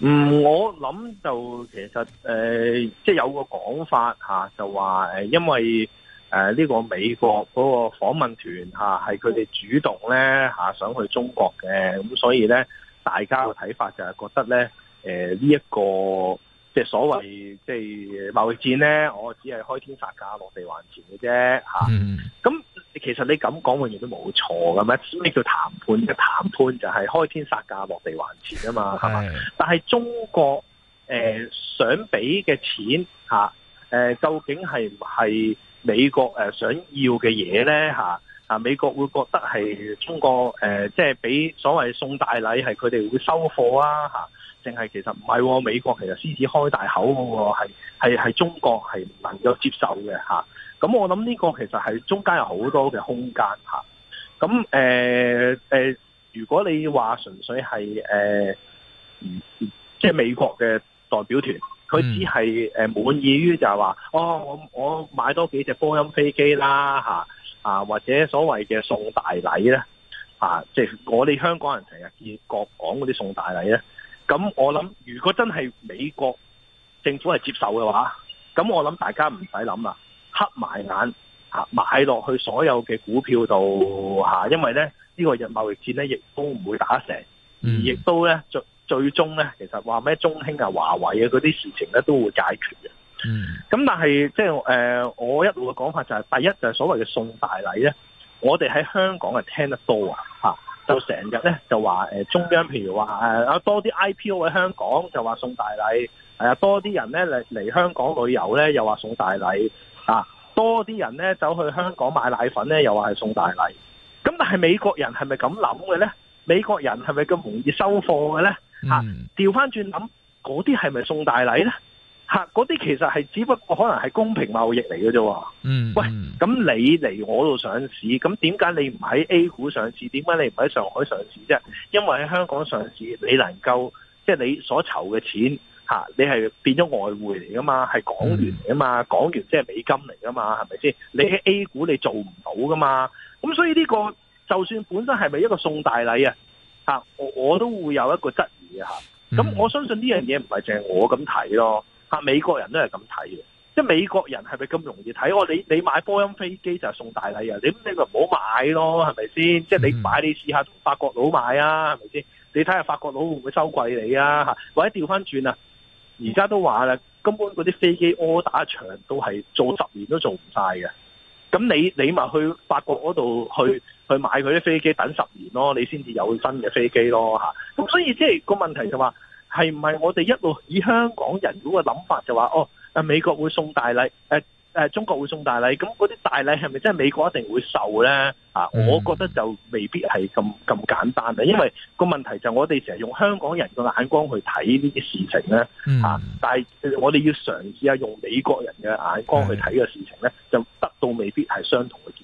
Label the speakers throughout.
Speaker 1: 嗯，我諗就其實誒、呃，即係有個講法吓、啊，就話誒，因為誒呢、呃呢個美國嗰個訪問團吓，係佢哋主動咧吓、啊、想去中國嘅，咁所以咧，大家嘅睇法就係覺得咧，誒、呃、呢一個即係所謂即係貿易戰咧，我只係開天殺價、落地還錢嘅啫吓，咁、啊。嗯其實你咁講永遠都冇錯噶咩？咩叫談判嘅，談判就係開天殺價、落地還錢啊嘛，係嘛？但係中國誒、呃、想俾嘅錢吓，誒、呃、究竟係唔係美國誒想要嘅嘢咧吓？啊、美國會覺得係中國即係俾所謂送大禮係佢哋會收貨啊！嚇、啊，淨係其實唔係、啊、美國，其實獅子開大口嘅、啊、喎，係中國係唔能夠接受嘅嚇。咁、啊、我諗呢個其實係中間有好多嘅空間嚇。咁、啊啊啊、如果你話純粹係即係美國嘅代表團，佢只係誒滿意於就係話、哦，我我買多幾隻波音飛機啦、啊啊，或者所謂嘅送大禮咧，啊，即係我哋香港人成日見各港嗰啲送大禮咧，咁我諗如果真係美國政府係接受嘅話，咁我諗大家唔使諗啦，黑埋眼、啊、買落去所有嘅股票度、啊、因為咧呢個日貿易戰咧亦都唔會打成，亦都咧最最終咧其實話咩中興啊、華為啊嗰啲事情咧都會解決嘅。嗯，咁但係即係誒，我一路嘅講法就係，是，第一就係所謂嘅送大禮咧，我哋喺香港係聽得多啊，吓，就成日咧就話誒，中央譬如話誒、啊，多啲 IPO 喺香港就話送大禮，係啊，多啲人咧嚟嚟香港旅遊咧又話送大禮，啊，多啲人咧、啊、走去香港買奶粉咧又話係送大禮，咁、啊、但係美國人係咪咁諗嘅咧？美國人係咪咁容易收貨嘅咧？
Speaker 2: 吓、
Speaker 1: 啊，調翻轉諗，嗰啲係咪送大禮咧？吓，嗰啲其實係只不過可能係公平貿易嚟嘅啫。嗯，
Speaker 2: 喂，
Speaker 1: 咁你嚟我度上市，咁點解你唔喺 A 股上市？點解你唔喺上海上市啫？因為喺香港上市，你能夠即係你所籌嘅錢吓，你係變咗外匯嚟噶嘛，係港元嚟噶嘛，嗯、港元即係美金嚟噶嘛，係咪先？你喺 A 股你做唔到噶嘛？咁所以呢、這個就算本身係咪一個送大禮啊？吓，我我都會有一個質疑嘅吓。咁我相信呢樣嘢唔係淨係我咁睇咯。美國人都係咁睇嘅，即係美國人係咪咁容易睇、哦？你你買波音飛機就係送大禮啊！你你咪唔好買咯，係咪先？即係你買你試下同法國佬買啊，係咪先？你睇下法國佬會唔會收貴你啊？嚇！或者調翻轉啊，而家都話啦，根本嗰啲飛機屙打長都係做十年都做唔晒嘅。咁你你咪去法國嗰度去去買佢啲飛機，等十年咯，你先至有新嘅飛機咯嚇。咁所以即係個問題就話、是。係唔係我哋一路以香港人嗰個諗法就話哦？美國會送大禮，呃、中國會送大禮，咁嗰啲大禮係咪真係美國一定會受咧？啊、嗯，我覺得就未必係咁咁簡單啊，因為個問題就係我哋成日用香港人嘅眼光去睇呢啲事情咧，嗯、啊，但係我哋要嘗試下用美國人嘅眼光去睇嘅事情咧，的就得到未必係相同嘅結。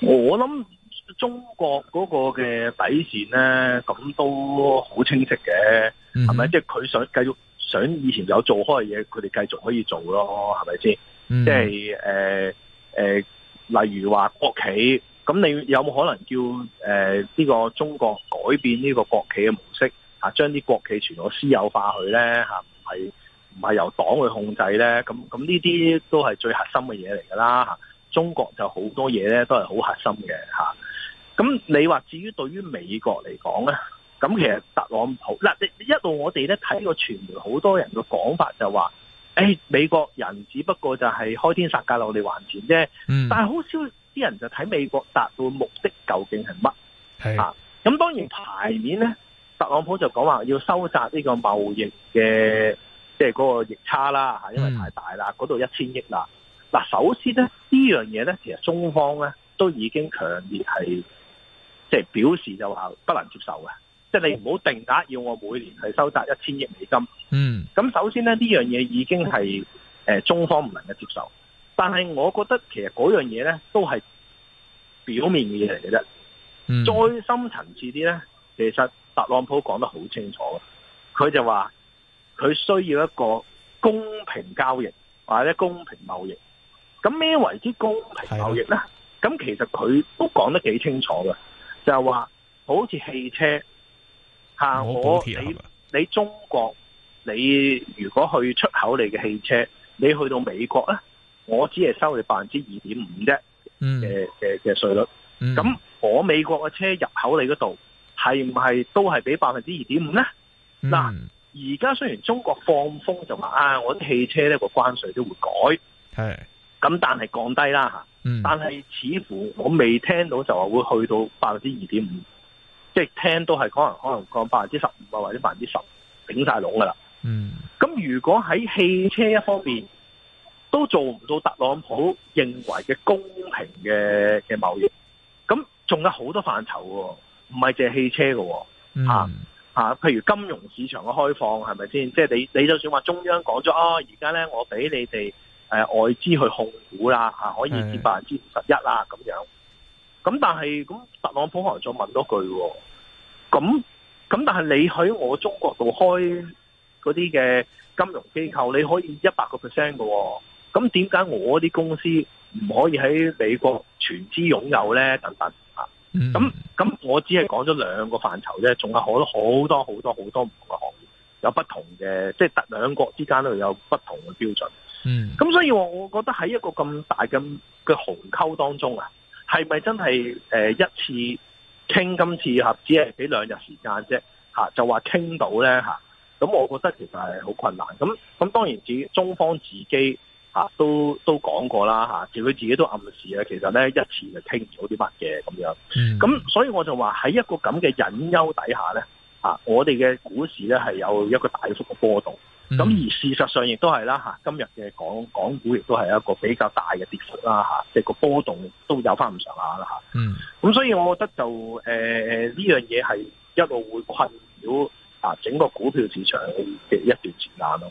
Speaker 1: 我諗中國嗰個嘅底線咧，咁都好清晰嘅，係咪、mm？即係佢想繼續想以前有做開嘅嘢，佢哋繼續可以做咯，係咪先
Speaker 2: ？Mm hmm.
Speaker 1: 即係誒誒，例如話國企，咁你有冇可能叫誒呢、呃這個中國改變呢個國企嘅模式啊？將啲國企全部私有化去咧，吓唔係唔係由黨去控制咧？咁咁呢啲都係最核心嘅嘢嚟噶啦。啊中國就好多嘢咧，都係好核心嘅嚇。咁你話至於對於美國嚟講咧，咁其實特朗普嗱，一路我哋咧睇呢個傳媒，好多人嘅講法就話，誒、哎、美國人只不過就係開天殺價落嚟還錢啫。嗯、但係好少啲人就睇美國達到目的究竟係乜嚇。咁是、啊、當然牌面咧，特朗普就講話要收窄呢個貿易嘅即係嗰個逆差啦嚇，因為太大啦，嗰度一千億啦。嗱，首先咧呢樣嘢咧，其實中方咧都已經強烈係即係表示就話不能接受嘅，即係你唔好定打要我每年去收達一千億美金。嗯，咁首先咧呢樣嘢已經係誒、中方唔能夠接受。但係我覺得其實嗰樣嘢咧都係表面嘅嘢嚟嘅啫。
Speaker 2: 再
Speaker 1: 深層次啲咧，其實特朗普講得好清楚嘅，佢就話佢需要一個公平交易或者公平貿易。咁咩為之公平貿易呢？咁的其實佢都講得幾清楚嘅，就係話好似汽車，吓我你，你中國你如果去出口你嘅汽車，你去到美國呢，我只係收你百分之二點五啫，嘅嘅嘅稅率。咁、嗯、我美國嘅車入口你嗰度，係唔係都係俾百分之二點五呢？
Speaker 2: 嗱、嗯，
Speaker 1: 而家雖然中國放風就話啊，我汽車呢個關稅都會改，係。咁但係降低啦吓，嗯、但係似乎我未聽到就話會去到百分之二點五，即係聽都係可能可能降百分之十五啊或者百分之十，頂晒籠噶啦。嗯，咁如果喺汽車一方面都做唔到特朗普認為嘅公平嘅嘅貿易，咁仲有好多範疇噶，唔係淨係汽車噶，吓吓、嗯啊，譬如金融市場嘅開放係咪先？即係、就是、你你就算話中央講咗啊，而家咧我俾你哋。誒、呃，外資去控股啦，可以佔百分之五十一啦咁的樣。咁但係，咁特朗普可能再問多句，哦。、咁、嗯、咁、嗯，但係你喺我中國度開嗰啲嘅金融機構，你可以一百個 percent 嘅。咁點解我啲公司唔可以喺美國全資擁有咧？等等啊。咁咁，我只係講咗兩個範疇啫，仲係好多好多好多好多唔同嘅行業，有不同嘅，即、就、係、是、兩國之間都有不同嘅標準。嗯，咁所以我我覺得喺一個咁大嘅嘅鴻溝當中啊，係咪真係誒一次傾，今次會只係俾兩日時間啫？吓，就話傾到咧吓，咁我覺得其實係好困難。咁咁當然，自己中方自己吓都都講過啦吓，自佢自己都暗示咧，其實咧一次就傾唔到啲乜嘢咁樣。咁、嗯、所以我就話喺一個咁嘅隱憂底下咧，啊，我哋嘅股市咧係有一個大幅嘅波動。咁、嗯、而事實上亦都係啦，嚇，今日嘅港港股亦都係一個比較大嘅跌幅啦，嚇，即係個波動都有翻咁上下啦，嚇，咁所以我覺得就誒呢樣嘢係一路會困擾啊整個股票市場嘅一段時間咯。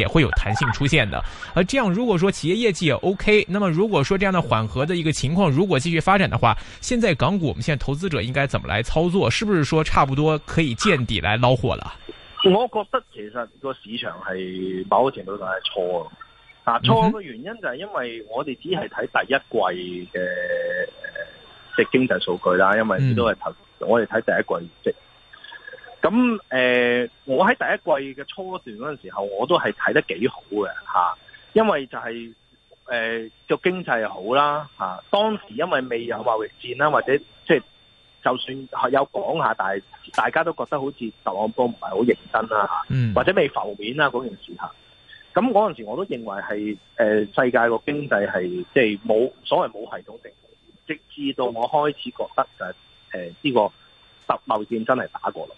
Speaker 3: 也會有彈性出現的，而這樣如果說企業業績也 OK，那麼如果說這樣的緩和的一個情況如果繼續發展的話，現在港股我們現在投資者應該怎麼來操作？是不是說差不多可以見底來撈貨了？
Speaker 1: 我覺得其實個市場係某個程度上係錯，啊錯的原因就係因為我哋只係睇第一季嘅，即係經濟數據啦，因為都係投、嗯、我哋睇第一季業咁誒、呃，我喺第一季嘅初段嗰陣時候，我都係睇得幾好嘅、啊、因為就係誒個經濟好啦、啊、當時因為未有貿易戰啦，或者即係、就是、就算有講下，但係大家都覺得好似特朗普唔係好認真啦、啊、或者未浮面啦嗰件事嚇。咁嗰陣時我都認為係、呃、世界個經濟係即係冇所謂冇系統性，直至到我開始覺得就係、是、呢、呃呢個貿易戰真係打過啦。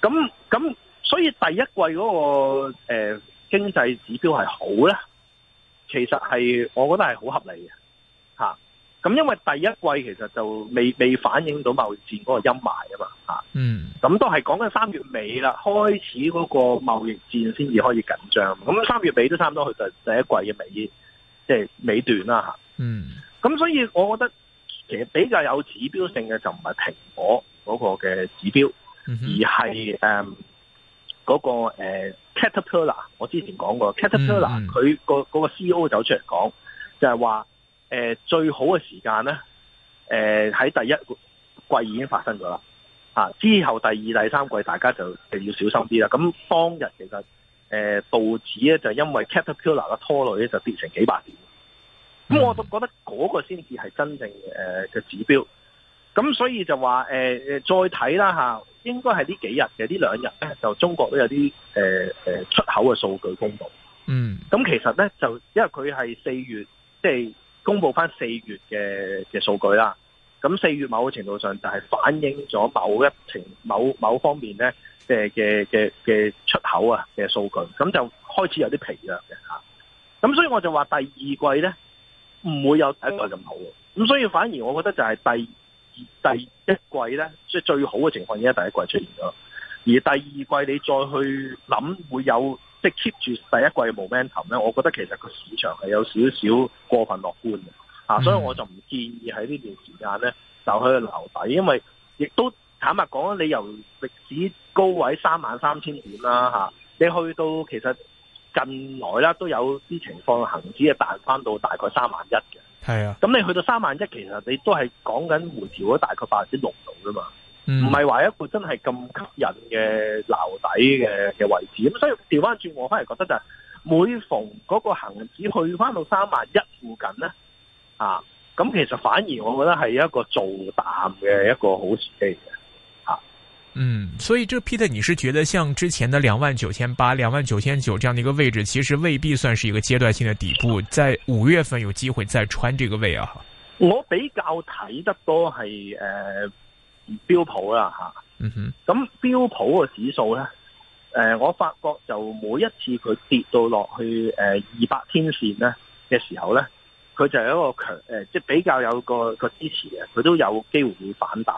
Speaker 1: 咁咁，所以第一季嗰、那個誒、呃、經濟指標係好咧，其實係我覺得係好合理嘅吓。咁、啊、因為第一季其實就未未反映到貿易戰嗰個陰霾嘛啊嘛吓。嗯。咁都係講緊三月尾啦，開始嗰個貿易戰先至開始緊張。咁三月尾都差唔多，去到第一季嘅尾，即、就、係、是、尾段啦吓。啊、嗯。咁所以我覺得其實比較有指標性嘅就唔係蘋果嗰個嘅指標。而係誒嗰個誒、呃、Caterpillar，我之前講過、mm hmm. Caterpillar，佢、嗰個、嗰個 C E O 走出嚟講，就係話誒最好嘅時間咧，誒、呃、喺第一季已經發生咗啦、啊，之後第二、第三季大家就就要小心啲啦。咁當日其實誒道指咧就因為 Caterpillar 嘅拖累咧就跌成幾百點。咁我都覺得嗰個先至係真正誒嘅、呃、指標。咁所以就話誒誒再睇啦吓。啊應該係呢幾日嘅呢兩日咧，就中國都有啲誒誒出口嘅數據公佈。嗯，咁其實咧就因為佢係四月，即係公佈翻四月嘅嘅數據啦。咁四月某個程度上就係反映咗某一程某某方面咧嘅嘅嘅嘅出口啊嘅數據，咁就開始有啲疲弱嘅吓。咁所以我就話第二季咧唔會有第一季咁好嘅。咁，嗯，所以反而我覺得就係第。第一季呢，即係最好嘅情況已經第一季出現咗，而第二季你再去諗會有即係 keep 住第一季嘅 momentum 呢，我覺得其實個市場係有少少過分樂觀嘅，啊、嗯，所以我就唔建議喺呢段時間呢就去留底，因為亦都坦白講，你由歷史高位三萬三千點啦，吓、啊，你去到其實近來啦都有啲情況，恒指係彈翻到大概三萬一嘅。
Speaker 2: 係啊、嗯，咁
Speaker 1: 你去到三萬一，其實你都係講緊回調咗大概百分之六度㗎嘛，唔係話一個真係咁吸引嘅樓底嘅嘅位置。咁所以調翻轉，我反而覺得就係每逢嗰個恒指去翻到三萬一附近咧，啊，咁其實反而我覺得係一個做淡嘅一個好時機。
Speaker 3: 嗯，所以這 Peter 你是覺得，像之前的兩萬九千八、兩萬九千九這樣的一個位置，其實未必算是一個階段性的底部，在五月份有機會再穿這個位啊？
Speaker 1: 我比較睇得多係誒、呃、標普啦，吓、啊，嗯哼，咁標普個指數咧，誒、呃，我發覺就每一次佢跌到落去誒二百天綫咧嘅時候咧，佢就有一個強誒、呃，即係比較有個個支持嘅，佢都有機會會反彈。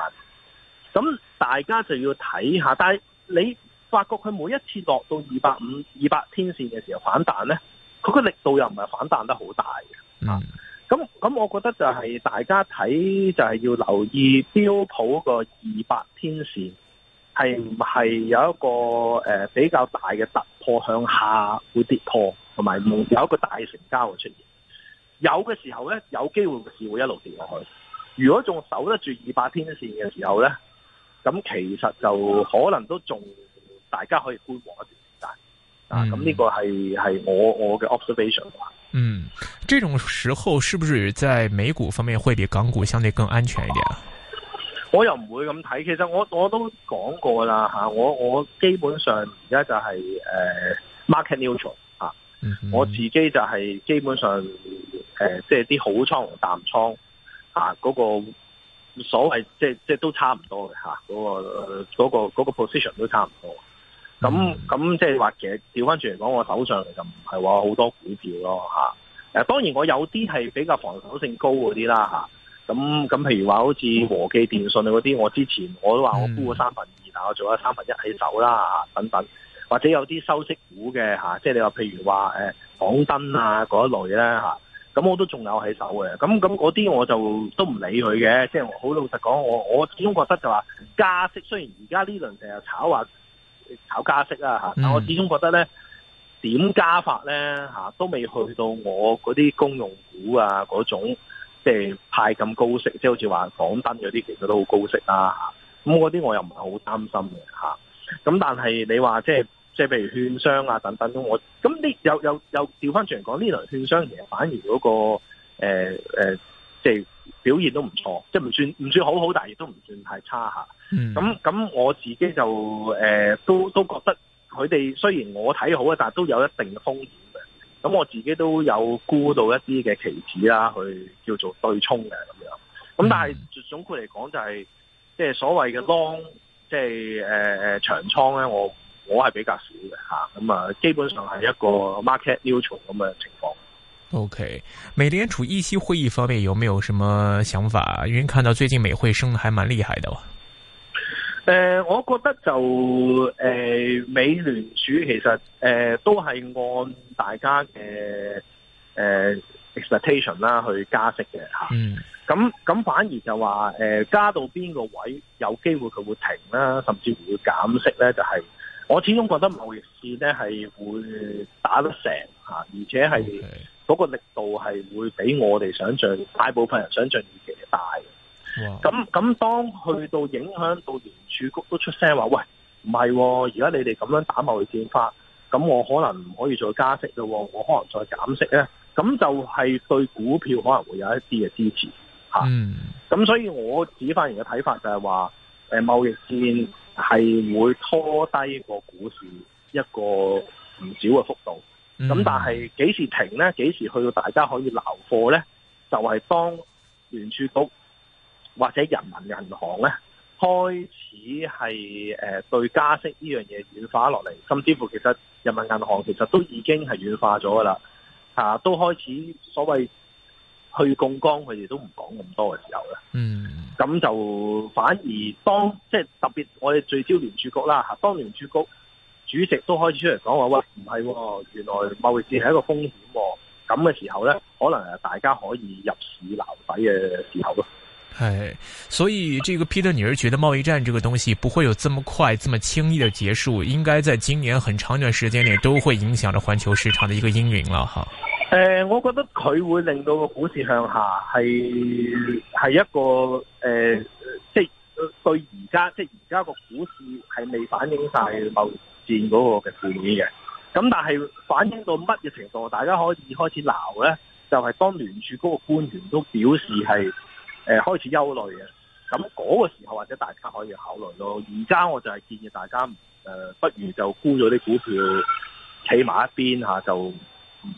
Speaker 1: 咁大家就要睇下，但係你發覺佢每一次落到二百五、二百天線嘅時候反彈呢，佢個力度又唔係反彈得好大嘅。咁咁、嗯，我覺得就係大家睇就係要留意標普個二百天線係唔係有一個誒、呃、比較大嘅突破向下會跌破，同埋有，有一個大成交會出現。有嘅時候呢，有機會個市會一路跌落去。如果仲守得住二百天線嘅時候呢。咁其實就可能都仲大家可以觀望一段時間啊。咁呢、嗯、個係係我我嘅 observation 啊。嗯，
Speaker 3: 這種時候是不是在美股方面會比港股相對更安全一點啊？
Speaker 1: 我又唔會咁睇，其實我我都講過啦嚇，我我基本上而家就係、是呃、market neutral 啊，嗯、哼我自己就係基本上誒即係啲好倉同淡倉啊嗰、那個。所謂即係即係都差唔多嘅嚇，嗰、啊嗰個嗰、嗰個嗰個 position 都差唔多。咁咁即係話其實調翻轉嚟講，我手上就唔係話好多股票咯嚇。誒、啊啊、當然我有啲係比較防守性高嗰啲啦嚇。咁、啊、咁譬如話好似和記電訊嗰啲，我之前我都話我沽咗三分二，但我做咗三分一起手啦啊等等。或者有啲收息股嘅嚇，即係你話譬如話誒港燈啊嗰類咧嚇。啊咁我都仲有喺手嘅，咁咁嗰啲我就都唔理佢嘅，即係好老實講，我我始終覺得就話加息，雖然而家呢輪成日炒話炒加息啦嚇，但我始終覺得咧點加法咧嚇，都未去到我嗰啲公用股啊嗰種，即係派咁高息，即係好似話港燈嗰啲，其實都好高息啦嚇，咁嗰啲我又唔係好擔心嘅嚇，咁但係你話即係。即係譬如券商啊等等，我咁呢又又又調翻轉嚟講，呢輪券商其實反而嗰、嗰個誒即、呃呃即係、表現都唔錯，即係唔算唔算好好，但係亦都唔算太差下咁咁我自己就誒、呃、都都覺得佢哋雖然我睇好啊，但係都有一定風險嘅。咁我自己都有沽到一啲嘅期指啦，去叫做對沖嘅咁樣。咁但係總括嚟講就係、係、即係所謂嘅 long，即係誒、呃、長倉咧，我。我係比較少嘅吓，咁啊，基本上係一個 market neutral 咁嘅情況。
Speaker 3: O、okay. K，美聯儲議息會議方面有冇有什麼想法？因為看到最近美匯升得還蠻厲害的
Speaker 1: 誒、呃，我覺得就誒、呃，美聯儲其實誒、呃、都係按大家嘅誒、呃、expectation 啦去加息嘅吓。啊、嗯。咁咁、嗯、反而就話誒、呃、加到邊個位有機會佢會停啦，甚至乎會減息咧，就係、是。我始終覺得貿易戰咧係會打得成吓，而且係嗰個力度係會比我哋想象，大部分人想象預期大嘅。咁咁哇當去到影響到聯儲局都出聲話，喂，唔係，而家、哦，你哋咁樣打貿易戰法，咁我可能唔可以再加息咯、哦，我可能再減息咧，咁就係對股票可能會有一啲嘅支持
Speaker 2: 吓。
Speaker 1: 咁、嗯、所以我指翻嚟嘅睇法就係話，誒、呃、貿易戰。係會拖低個股市一個唔少嘅幅度，咁但係幾時停呢？幾時去到大家可以鬧貨呢？就係、是、當聯儲局或者人民銀行呢，開始係誒對加息呢樣嘢，軟化落嚟，甚至乎其實人民銀行其實都已經係軟化咗噶啦，都開始所謂。去槓桿，佢哋都唔講咁多嘅時候啦。
Speaker 2: 嗯，
Speaker 1: 咁就反而當即係特別，我哋聚焦聯儲局啦吓。當聯儲局主席都開始出嚟講話，喂，唔係、哦，原來貿易戰係一個風險、哦。咁嘅時候咧，可能係大家可以入市撈底嘅時候咯。
Speaker 3: 誒，所以這個 Peter 彼得尼爾覺得貿易戰這個東西不會有這麼快、這麼輕易的結束，應該在今年很長一段時間內都會影響着環球市場的一個陰雲啦，哈。
Speaker 1: 誒、呃，我覺得佢會令到個股市向下，係係一個誒、呃，即係對而家即係而家個股市係未反映晒貿易戰嗰個嘅負面嘅。咁但係反映到乜嘢程度，大家可以開始鬧咧，就係、是、當聯署嗰個官員都表示係誒、呃、開始憂慮嘅。咁嗰個時候或者大家可以考慮咯。而家我就係建議大家誒、呃，不如就沽咗啲股票，企埋一邊吓、啊、就。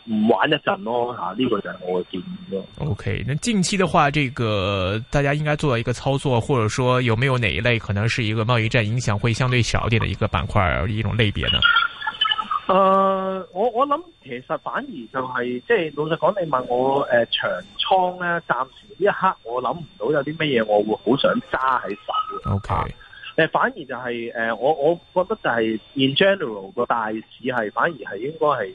Speaker 1: 唔玩一陣咯吓，呢、啊這個就係我嘅建
Speaker 3: 議咯。O、okay, K，那近期的話，這個大家應該做一個操作，或者說有沒有哪一類可能是一個貿易戰影響會相對小點的一個板塊，一種類別呢？誒、
Speaker 1: 呃，我我諗其實反而就係、是、即係老實講，你問我誒、呃、長倉咧、啊，暫時呢一刻我諗唔到有啲乜嘢我會好想揸喺手嘅吓。誒 Okay.、呃，反而就係、是、誒、呃，我我覺得就係 in general 個大市係反而係應該係。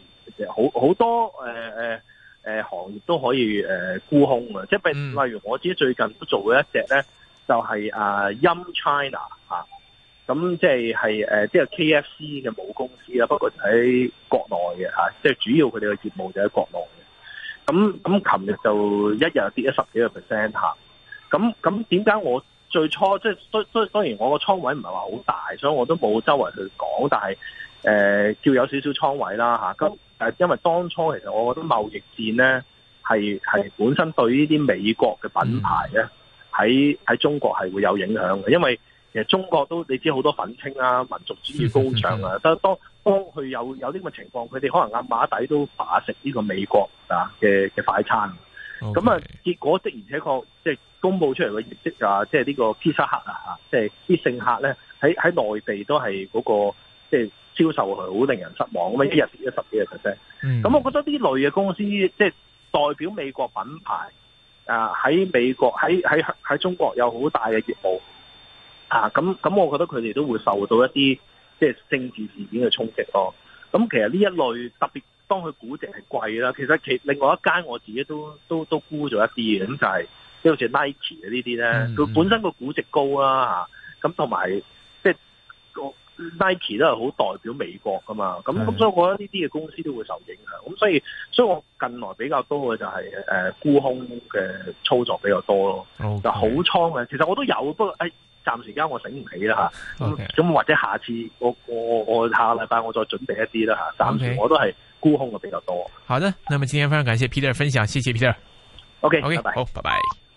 Speaker 1: 好好多誒誒誒行業都可以誒、呃、沽空嘅，即係例如我自己最近都做過一隻咧，就係、是、啊 Yum China 嚇、啊，咁即係係誒，即係 KFC 嘅母公司啦、啊，不過喺國內嘅嚇，即、啊、係主要佢哋嘅業務就喺國內嘅。咁咁，琴日就一日跌咗十幾個 percent 嚇。咁咁點解我最初即係都都當然我個倉位唔係話好大，所以我都冇周圍去講，但係誒叫有少少倉位啦嚇。咁、啊誒，因為當初其實我覺得貿易戰咧係係本身對呢啲美國嘅品牌咧喺喺中國係會有影響嘅，因為其實中國都你知好多憤青啦、啊、民族主義高漲啊，但係當當佢有有呢個情況，佢哋可能阿馬底都把食呢個美國啊嘅嘅快餐。咁 Okay. 啊，結果的而且確即係、就是、公佈出嚟嘅業績就即係、就是、呢個 Pizza Hut 啊，即係必勝客咧喺喺內地都係嗰、那個即係。就是銷售係好令人失望，咁一日跌一十幾 percent 咁，我覺得呢類嘅公司，即係代表美國品牌啊，喺美國喺喺喺中國有好大嘅業務咁咁，我覺得佢哋都會受到一啲即係政治事件嘅衝擊咯。咁其實呢一類特別當佢估值係貴啦，其實其另外一間我自己都都都沽咗一啲嘅，咁就係即係好似 Nike 嘅呢啲咧，佢本身個估值高啦，咁同埋即係個。就是 Nike 都係好代表美國㗎嘛，咁咁、嗯、所以我覺得呢啲嘅公司都會受影響，咁所以所以我近來比較多嘅就係、是、誒、呃、沽空嘅操作比較多咯，Okay. 就好倉嘅，其實我都有，不過誒暫時而家我醒唔起啦吓，咁 Okay. 或者下次我我我下禮拜我再準備一啲啦吓，暫時我都係沽空嘅比較多。Okay.
Speaker 3: 好的，那麼今天非常感謝 Peter 分享，謝謝 Peter。OK OK，好，拜拜。